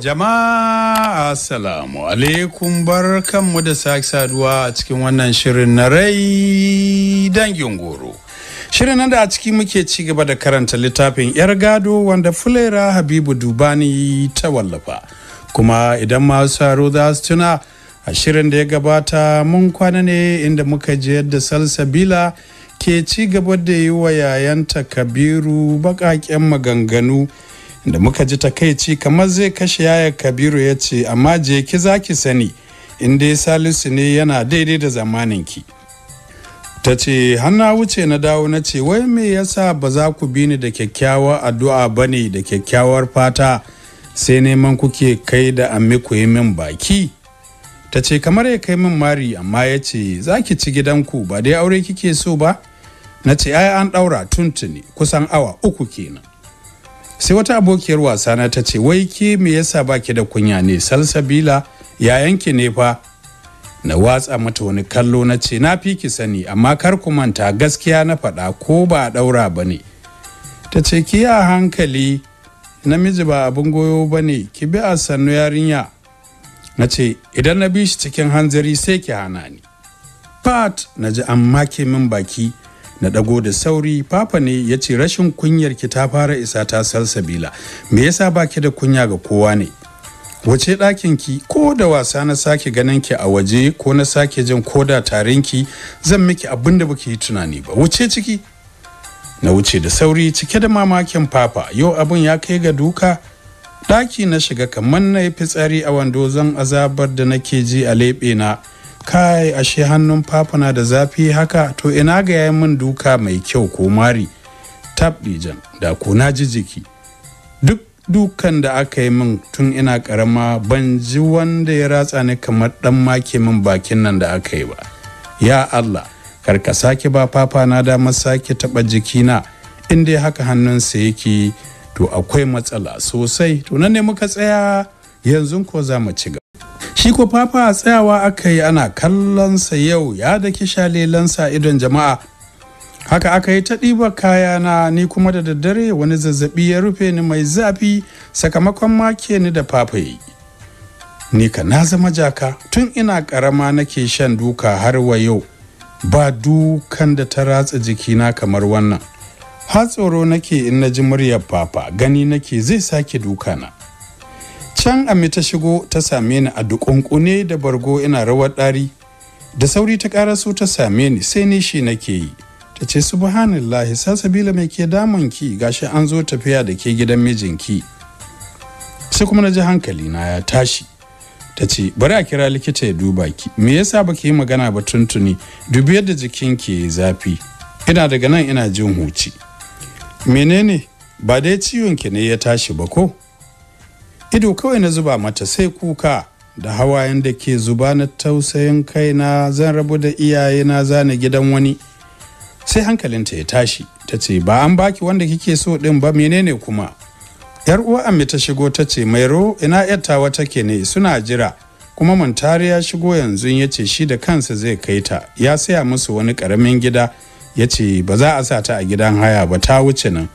Jama'a Assalamu alaikum bar kanmu da sake saduwa a cikin wannan shirin na rai dangin goro. Shirin nan da a ciki muke ci gaba da karanta littafin 'yar gado wanda Fulera Habibu Dubani ta wallafa. Kuma idan masu saro za su tuna a shirin da ya gabata mun kwana ne inda muka je yadda Salsabila ke ci gaba da yi wa yayanta Kabiru baƙaƙen maganganu. da muka ji takaici kamar zai kashe yaya kabiru ya ce amma je ki za ki sani in dai salisu ne yana daidai da zamaninki ta ce hannu wuce na dawo na ce wai me yasa ba za ku bi ni da kyakkyawar addu'a ba ne da kyakkyawar fata sai neman kuke kai da ammi ku yi min baki ta ce kamar ya kai min mari amma ya ce za ki ci gidanku ba dai aure kike so ba na ce ai an ɗaura tuntuni kusan awa uku kenan sai wata abokiyar wasana ta ce wai ki me yasa baki da kunya ne salsabila yanke ne fa na watsa mata wani kallo na ce na fi ki sani amma kar ku manta gaskiya na faɗa ko ba a ɗaura ba ne ta ce ki a hankali namiji ba abin goyo ba ne ki bi a sannu yarinya na ce idan na bi shi cikin hanzari sai ki hana ni Fat na ji an make min baki na ɗago da sauri papa ne ya ce rashin kunyar ki ta fara isa ta salsabila me yasa ki da kunya ga kowa ne wace ɗakin ki ko da wasa na sake ganin ki a waje ko na sake jin ko da tarin ki zan miki abin da baki yi tunani ba wuce ciki na wuce da sauri cike da mamakin papa yau abin ya kai ga duka ɗaki na shiga kamar na yi fitsari a wando zan azabar da nake ji a leɓe na kai ashe hannun fafuna da zafi haka to ina ga yayin min duka mai kyau ko mari tab dijan da ko na ji jiki duk dukan da aka yi min tun ina karama ban ji wanda ya ratsa ni kamar dan make min bakin nan da aka yi ba ya Allah kar karka sake ba fafa na damar sake taba jikina in dai haka hannun sa yake to akwai matsala sosai to nan ne muka tsaya yanzu ko za mu ci shi ko fafa tsayawa aka yi ana kallonsa yau ya da shalelansa idon jama'a haka aka yi ta ɗiba na ni kuma da daddare wani zazzabi ya rufe ni mai zafi sakamakon make ni da fafayi ni ka na zama jaka tun ina ƙarama nake shan duka har wa yau ba dukan da ta ratsa jikina kamar wannan har tsoro nake in na ji muryar Papa, gani nake zai sake dukana can amme ta shigo ta same ni a dukunkune da bargo ina rawar ɗari da sauri ta su ta same ni sai ni shi nake yi ta ce subhanallahi sasabila mai ke damun ki gashi an zo tafiya da ke gidan mijinki sai kuma na ji hankali na ya tashi ta ce bari a kira likita ya duba ki me yasa baki yi magana ba tuntuni dubi yadda jikin ke zafi ina daga nan ina jin huci menene ba dai ciwon ki ne ya tashi ba ko ido kawai na zuba mata sai kuka da hawayen da ke zuba na tausayin kaina zan rabu da iyaye na zane gidan wani sai hankalinta ya tashi ta ce ba an baki wanda kike so din ba menene kuma yar uwa amma ta shigo ta ce mairo ina yatta wata ke ne suna jira kuma mantari ya shigo yanzu ya ce shi da kansa zai kai ta ya saya musu wani karamin gida ya ce ba za a sa ta a gidan haya ba ta wuce nan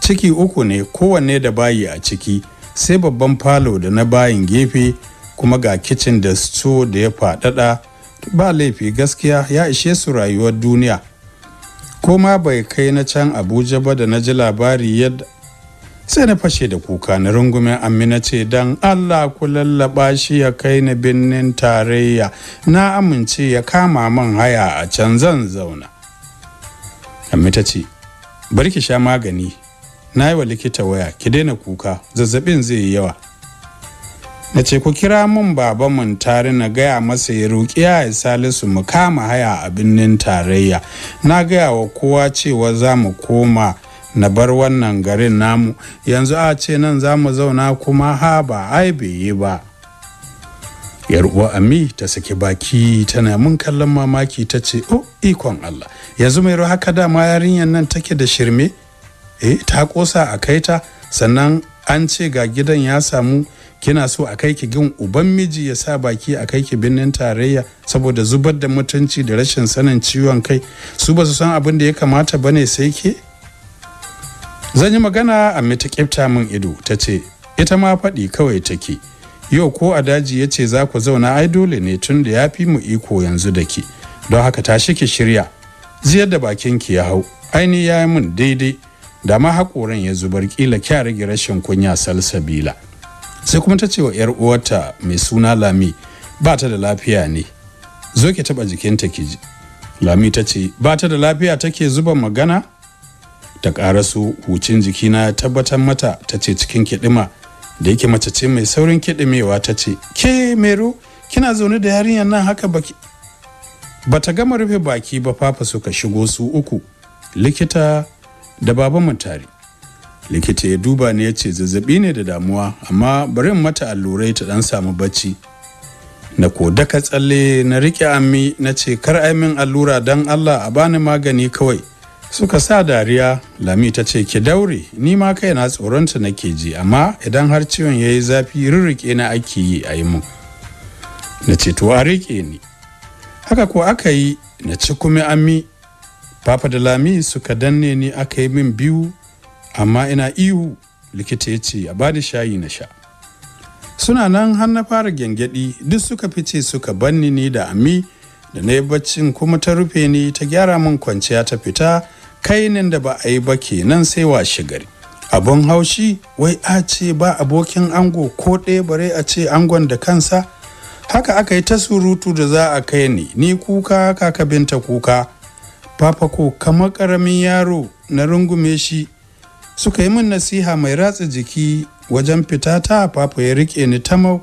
ciki uku ne kowanne da bayi a ciki sai babban falo da na bayin gefe kuma ga kicin da sto da ya faɗaɗa ba laifi gaskiya ya ishe su rayuwar duniya koma bai kai na can abuja ba da na ji labari yadda sai na fashe da kuka na rungumen amina ce don allah ku lallaba shi ya kai na birnin tarayya na amince ya kama man haya a can zan zauna amita ce bari ki sha magani na yi wa likita waya ki daina kuka zazzabin zai yi yawa na ce ku kira mun babanmu mun tare na gaya masa ya roƙi ya yi salisu mu kama haya a birnin tarayya na gaya wa kowa cewa za mu koma na bar wannan garin namu yanzu a ce nan za mu zauna kuma ha ba ai bai yi ba yar uwa ami ta saki baki tana mun kallon mamaki ta ce oh ikon allah yanzu mai haka dama yarinyar nan take da shirme eh ta kosa a kai ta sannan an ce ga gidan ya samu kina so a kai ki gin uban miji ya sa baki a kai ki binnin tarayya saboda zubar da mutunci da rashin sanin ciwon kai su ba su san abin da ya kamata ba ne sai ke zan yi magana a mita kifta min ido ta ce ita ma faɗi kawai take yau ko a daji ya ce za ku zauna ai dole ne tun da ya fi mu iko yanzu da ke don haka tashi ki shirya ziyar da bakin ki ya hau aini ya yi min daidai da ma haƙoran ya zubar kila kya rage rashin kunya salsabila sai kuma ta ce wa yar uwarta mai suna lami ba ta da lafiya ne zo ki taɓa jikinta ki ji lami ta ce ba ta da lafiya take zuba magana ta ƙaraso hucin jikina ya tabbatar mata ta ce cikin kiɗima da yake mace ce mai saurin kiɗimewa ta ce ke mero kina zaune da yarinyar nan haka baki bata gama rufe baki ba fafa suka shigo su uku likita da babanmu tare likita ya duba ne ya ce zazzabi ne da damuwa amma bari mata allurai ta dan samu bacci na ko daka tsalle na rike ammi na ce kar ai min allura dan Allah a bani magani kawai suka sa dariya lami ta ce ki daure ni ma kai na tsoronta nake ji amma idan har ciwon yayi zafi rirrike na ake yi a yi mun na ce to a rike ni haka ko aka yi na ci kuma ammi Papa da Lami suka danne ni aka yi min biyu amma ina ihu likita ya ce a bada shayi na sha. Suna nan har na fara gyangyaɗi duk suka fice suka banni ni da ami da na yi baccin kuma ta rufe ni ta gyara min kwanciya ta fita kai nan da ba a yi ba kenan sai wa gari. Abun haushi wai a ce ba abokin ango ko ɗaya bare a ce angon da kansa haka aka yi ta surutu da za a kai ni ni kuka kaka binta kuka. fafako ko kamar ƙaramin yaro na rungume shi suka yi min nasiha mai ratsa jiki wajen fita ta papa ya rike ni tamau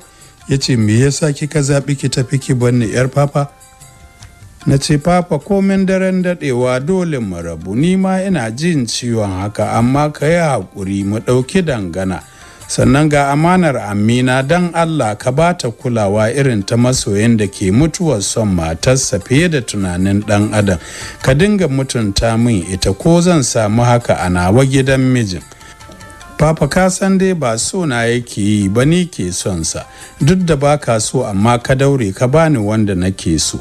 ya ce me yasa kika zaɓi ki tafi ki banni yar papa na ce papa komin daren daɗewa dole mu rabu ni ma ina jin ciwon haka amma ka yi haƙuri mu ɗauki dangana sannan ga amanar amina don allah ka ba ta kulawa irin ta masoyin da ke mutuwar son matarsa fiye da tunanin dan adam ka dinga mutunta min ita ko zan samu haka a nawa gidan mijin Papa ka san dai ba so na yake yi ba ni ke son duk da ba ka so amma ka daure ka bani wanda nake so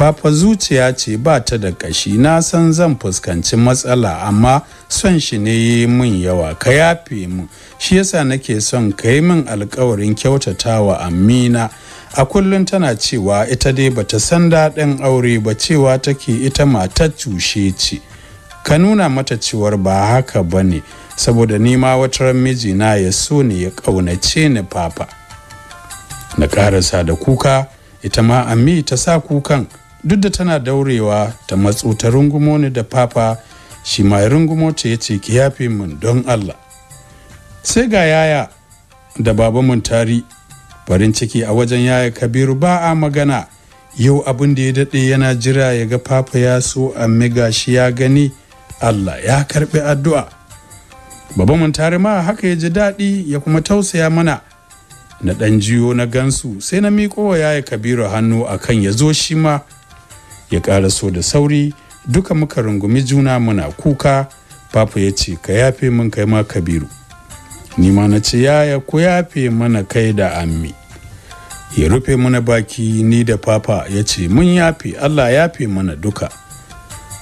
fafa zuciya ce ba ta da ƙashi na san zan fuskanci matsala amma son shi ne yi min yawa ka yafe min shi yasa nake son ka yi min alkawarin kyautatawa amina a kullum tana cewa ita dai bata san daɗin aure ba cewa take ita matar cushe ce ka nuna mata cewar ba haka ba ne saboda nima wata mijina ya so ne ya ƙaunace ni papa. na ƙarasa da kuka ita ma ami ta sa kukan duk da tana daurewa ta matsu ta rungumo ni da papa shi mai rungumo ce ya ce ki yafe min don allah sai ga yaya da baba tari farin ciki a wajen yaya kabiru ba a magana yau abin da ya daɗe yana jira ya ga papa ya so a miga shi ya gani allah ya karɓi addu'a baba tari ma haka ya ji daɗi ya kuma tausaya mana na ɗan jiyo na gansu sai na miƙo wa yaya kabiru hannu akan ya zo shi ma ya ƙara so da sauri duka muka rungumi juna muna kuka papa ya ce ka yafe min kai ma kabiru ni ma na ce yaya ku yafe mana kai da ammi ya rufe mana baki ni da papa ya ce mun yafe allah yafe mana duka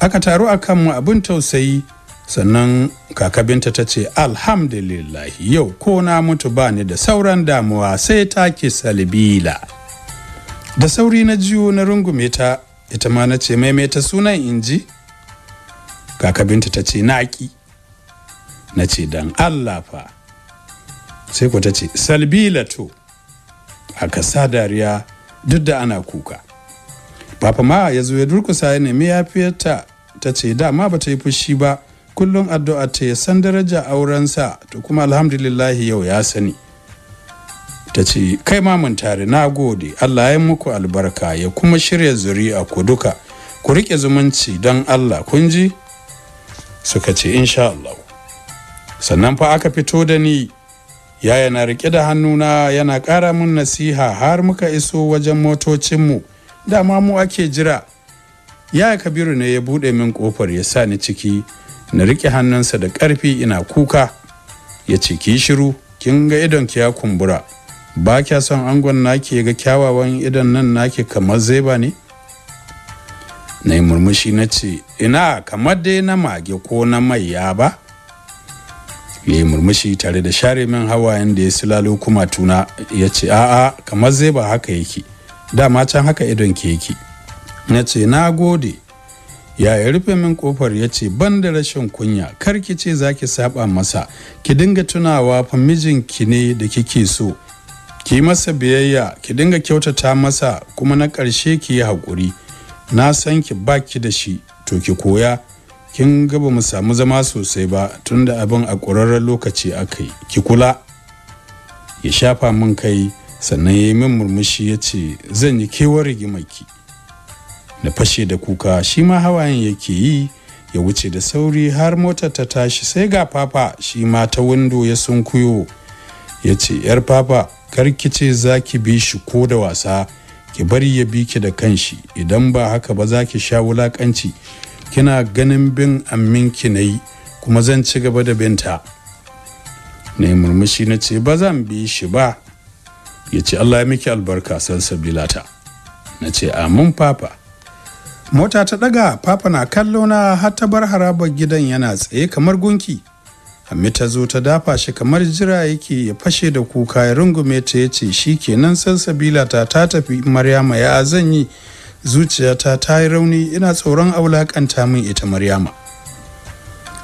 aka taru a kanmu abin tausayi sannan kakabinta ta ce alhamdulillah yau ko na mutu ba ni da sauran damuwa sai take salbila da sauri na jiyo na rungume ta ita ma na ce maimaita sunan inji. kakabinta kaka ta ce naƙi nace dan allah fa sai ku ta ce salbilato aka sa dariya duk da ana kuka papa ma ya zo ya durkusa ya nemi yafiyarta ta ce dama ba ta yi fushi ba kullum addu'a ta ya san daraja aurensa to kuma alhamdulillahi yau ya sani ta ce kai mamun tare na gode allah ya muku albarka ya kuma shirya zuri a ku duka ku riƙe zumunci don allah kun ji suka ce insha allah sannan fa aka fito da ni yaya na riƙe da hannuna yana ƙara mun nasiha har muka iso wajen motocinmu dama mu ake jira yaya kabiru ne ya buɗe min ƙofar ya sa ni ciki na riƙe hannunsa da ƙarfi ina kuka ya ce ki shiru kin ga idon ki ya kumbura ba kya son angon nake ga kyawawan idan nan naki kamar zeba ne na yi murmushi na ce ina kamar dai na mage ko na ya ba ya yi murmushi tare da share min hawayen da ya silalo kuma tuna ya ce a'a kamar zeba haka yake dama can haka idon ke yake na ce na gode ya yi rufe min kofar ya ce ban da rashin kunya kar ki ce za ki saba masa ki dinga tunawa fa mijinki ne da kike so ki masa biyayya ki dinga kyautata masa kuma na ƙarshe ki yi haƙuri na san ki baki da shi to ki koya kin ga ba mu samu zama sosai ba tunda abin a ƙurarren lokaci aka yi ki kula ya shafa min kai sannan ya yi min murmushi ya ce zan yi kewar ki na fashe da kuka shi ma hawayen yake yi ya wuce da sauri har motar ta tashi sai ga fafa shi ma ta windo ya sunkuyo ya ce yar fafa kar ki ce za ki bi shi ko da wasa ki bari ya bi ki da kanshi idan ba haka ba za ki sha wulakanci kina ganin bin amminki na yi kuma zan ci gaba da binta na murmushi na ce ba zan bi shi ba ya ce allah ya miki albarka san sabilata na ce amin papa mota ta daga papa na kallo na har ta bar harabar gidan yana tsaye kamar gunki Hamid ta zo ta dafa shi kamar jira yake ya fashe da kuka ya rungume ta ya ce shi kenan salsabila ta ta tafi maryama ya zan yi zuciyata ta yi rauni ina tsoron aulakanta min ita maryama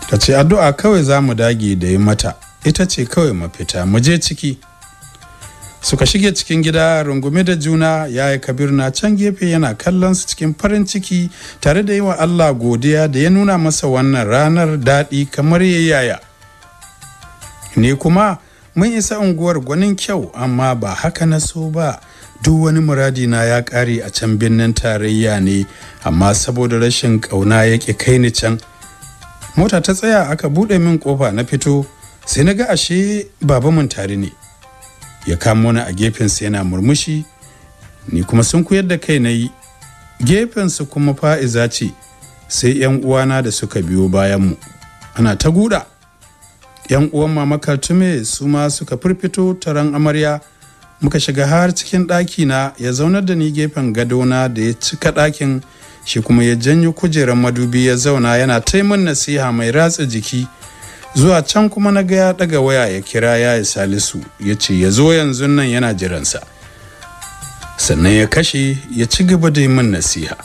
ta ce addu'a kawai za mu dage da yi mata ita ce kawai mafita mu je ciki suka shige cikin gida rungume da juna ya yi kabir na can gefe yana kallon su cikin farin ciki tare da yi wa allah godiya da ya nuna masa wannan ranar daɗi kamar yaya. yaya ne kuma mun isa unguwar gwanin kyau amma ba haka na so ba duk wani muradi na ya ƙare a can birnin tarayya ne amma saboda rashin ƙauna ya ƙi kai ni can. Mota ta tsaya aka buɗe min ƙofa na fito sai na ga ashe baba mun tare ne. Ya kamo ni a gefen sa yana murmushi ni kuma sun kuyar da kai na yi su kuma fa'iza ce sai 'yan uwana da suka biyo bayan mu ana ta guda yan uwan mama kaltume su ma suka firfito taron amarya muka shiga har cikin ɗaki na ya zaunar da ni gefen gadona da ya cika ɗakin shi kuma ya janyo kujerar madubi ya zauna yana taimun nasiha mai ratsa jiki zuwa can kuma na ga ya ɗaga waya ya kira ya yi salisu ya ce ya zo yanzu nan yana jiransa sannan ya kashe ya ci gaba da min nasiha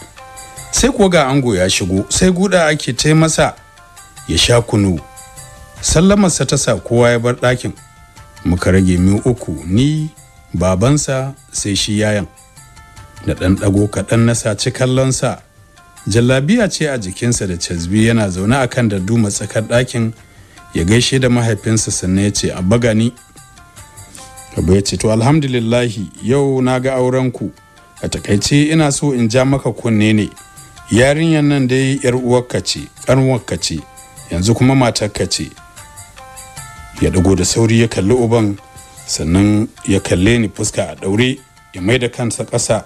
sai kuwa ga ango ya shigo sai guda ake taimasa ya sha kunu sallamarsa ta sa kowa ya bar ɗakin muka rage mu uku ni babansa sai shi yayan da ɗan ɗago kaɗan na saci sa. jallabiya ce a jikinsa da cazbi yana zaune a kan darduma tsakar ɗakin ya gaishe da mahaifinsa sannan ya ce abba gani abu ya ce to alhamdulillahi yau na ga aurenku a takaice ina so in ja maka kunne ne yarinyar nan dai yar uwarka ce ƙanwarka ce yanzu kuma matarka ce ya dago da sauri ya kalli uban sannan ya kalle ni fuska a daure ya mai da kansa ƙasa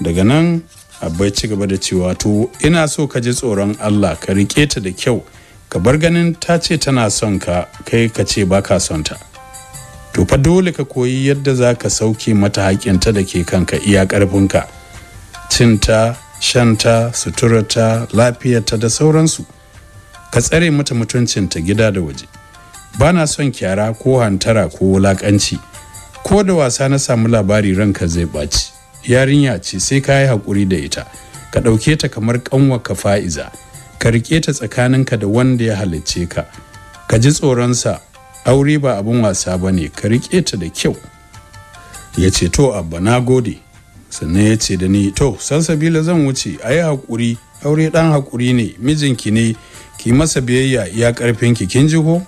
daga nan abai ci gaba da cewa to ina so ka ji tsoron allah ka riƙe ta da kyau ka bar ganin ta ce tana son ka kai ka ce ba ka son ta to fa dole ka koyi yadda za ka sauke mata haƙinta da ke kanka iya ƙarfinka cinta shanta suturata lafiyarta da sauransu ka tsare mata mutuncinta gida da waje Bana son kyara ko hantara ko wulakanci ko da wasa na samu labari ranka zai ɓaci yarinya ce sai ka yi haƙuri da ita ka ɗauke ta kamar ƙanwa ka fa'iza ka riƙe ta tsakaninka da wanda ya halicce ka ka ji tsoronsa aure ba abin wasa ba ne ka riƙe ta da kyau ya ce to abba na gode sannan ya ce da ni to san Sabila zan wuce a yi haƙuri aure ɗan hakuri ne mijinki ne ki masa biyayya iya ƙarfinki kin ji ko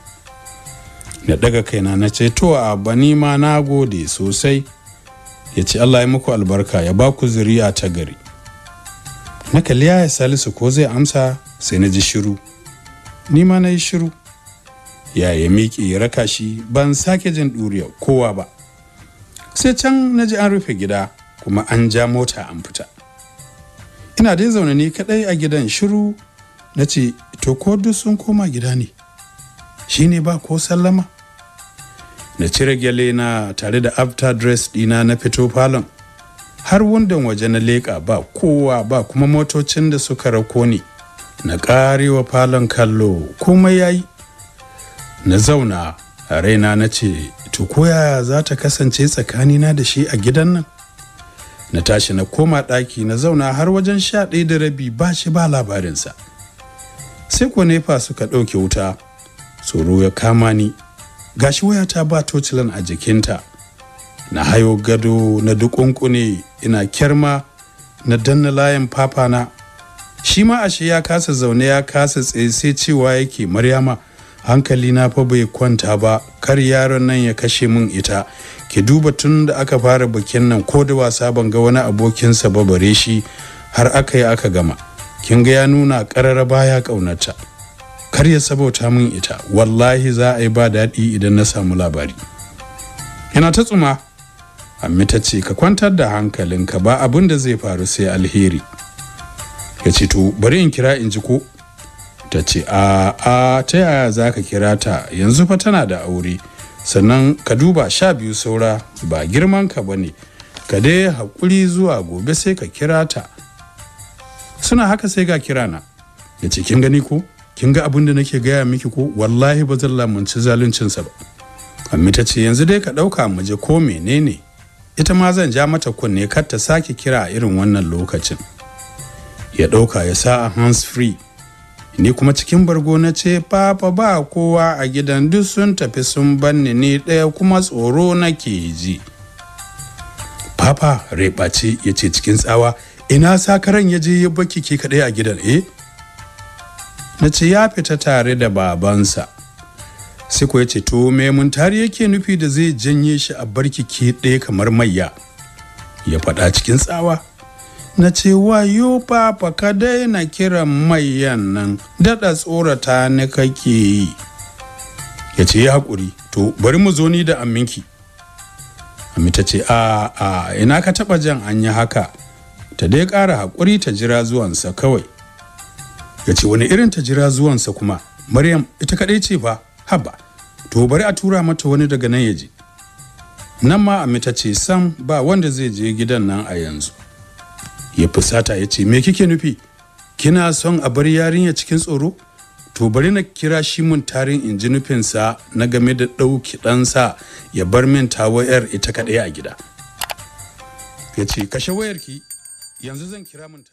na daga kaina na ce to a bani ma na gode sosai ya ce Allah ya muku albarka ya ba ku zuriya ta gari na kalli ya salisu ko zai amsa sai na ji shiru ni ma na yi shiru ya ya miƙe ya raka shi ban sake jin ɗuriya kowa ba sai can na ji an rufe gida kuma an ja mota an fita ina dai zaune ne kaɗai a gidan shiru na ce to ko duk sun koma gida ne shi ne ba ko sallama na cire gyale na tare da after dress dina na fito falon har wundan waje na leƙa ba kowa ba kuma motocin da suka rako ni na ƙarewa falon kallo kuma ya yi. na zauna a raina na ce to koya za ta kasance tsakanina da shi a gidan nan na tashi na koma ɗaki na zauna har wajen sha ɗaya da rabi ba shi ba labarinsa sai ko nefa suka ɗauke wuta tsoro ya kama ni gashi waya ta ba tocilan a jikinta na hayo gado na dukunkune ina kyarma na danna layin na. shi ma ashe ya kasa zaune ya kasa tsaye sai cewa yake maryama hankali na fa bai kwanta ba kar yaron nan ya kashe min ita ki duba tun da aka fara bikin nan ko da wasa ban ga wani abokinsa ba bare shi har aka yi aka gama kin ga ya nuna ƙarara baya ƙaunata kar ya sabauta min ita wallahi za a yi ba daɗi idan na samu labari yana ta tsuma amma ta ce ka kwantar da hankalinka ba abin da zai faru sai alheri ya ce to bari in kira in ji ko ta ce a a ta yaya za ka kira ta yanzu fa tana da aure sannan ka duba sha biyu saura ba girman ka ba ne ka dai haƙuri zuwa gobe sai ka kira ta suna haka sai ga kirana ya ce kin gani ko kin ga abin da nake gaya miki ko wallahi ba zan lamunci zaluncinsa ba amma ta ce yanzu dai ka ɗauka mu je ko menene ita ma zan ja mata kunne kar ta sake kira a irin wannan lokacin ya ɗauka ya sa a hands free ni kuma cikin bargo na ce papa ba kowa a gidan duk sun tafi sun banne ni ɗaya kuma tsoro nake ji papa reɓace ya ce cikin tsawa ina sakaran ya je ya baki ke kaɗai a gidan eh na ce ya fita tare da babansa siko ya ce to me tare yake nufi da zai janye shi a barkike ɗaya kamar mayya ya faɗa cikin tsawa na ce wayo papa ka daina kiran mayan nan daɗa tsorata ni kake yi ya ce ya haƙuri to bari mu zo ni da aminki ami ta ce a a ina ka taɓa jan an yi haka ta dai ƙara hakuri ta jira zuwansa kawai ya ce wani irin ta jira zuwansa kuma maryam ita kaɗai ce ba haba to bari a tura mata wani daga nan ya je nan ma amita ce sam ba wanda zai je gidan nan a yanzu ya fusata ya ce me kike nufi kina son a bar yarinya cikin tsoro to bari na kira shi mun tarin in ji nufinsa na game da ɗauki ɗansa ya bar min ta wayar ita kaɗai a gida ya ce kashe wayarki yanzu zan kira mun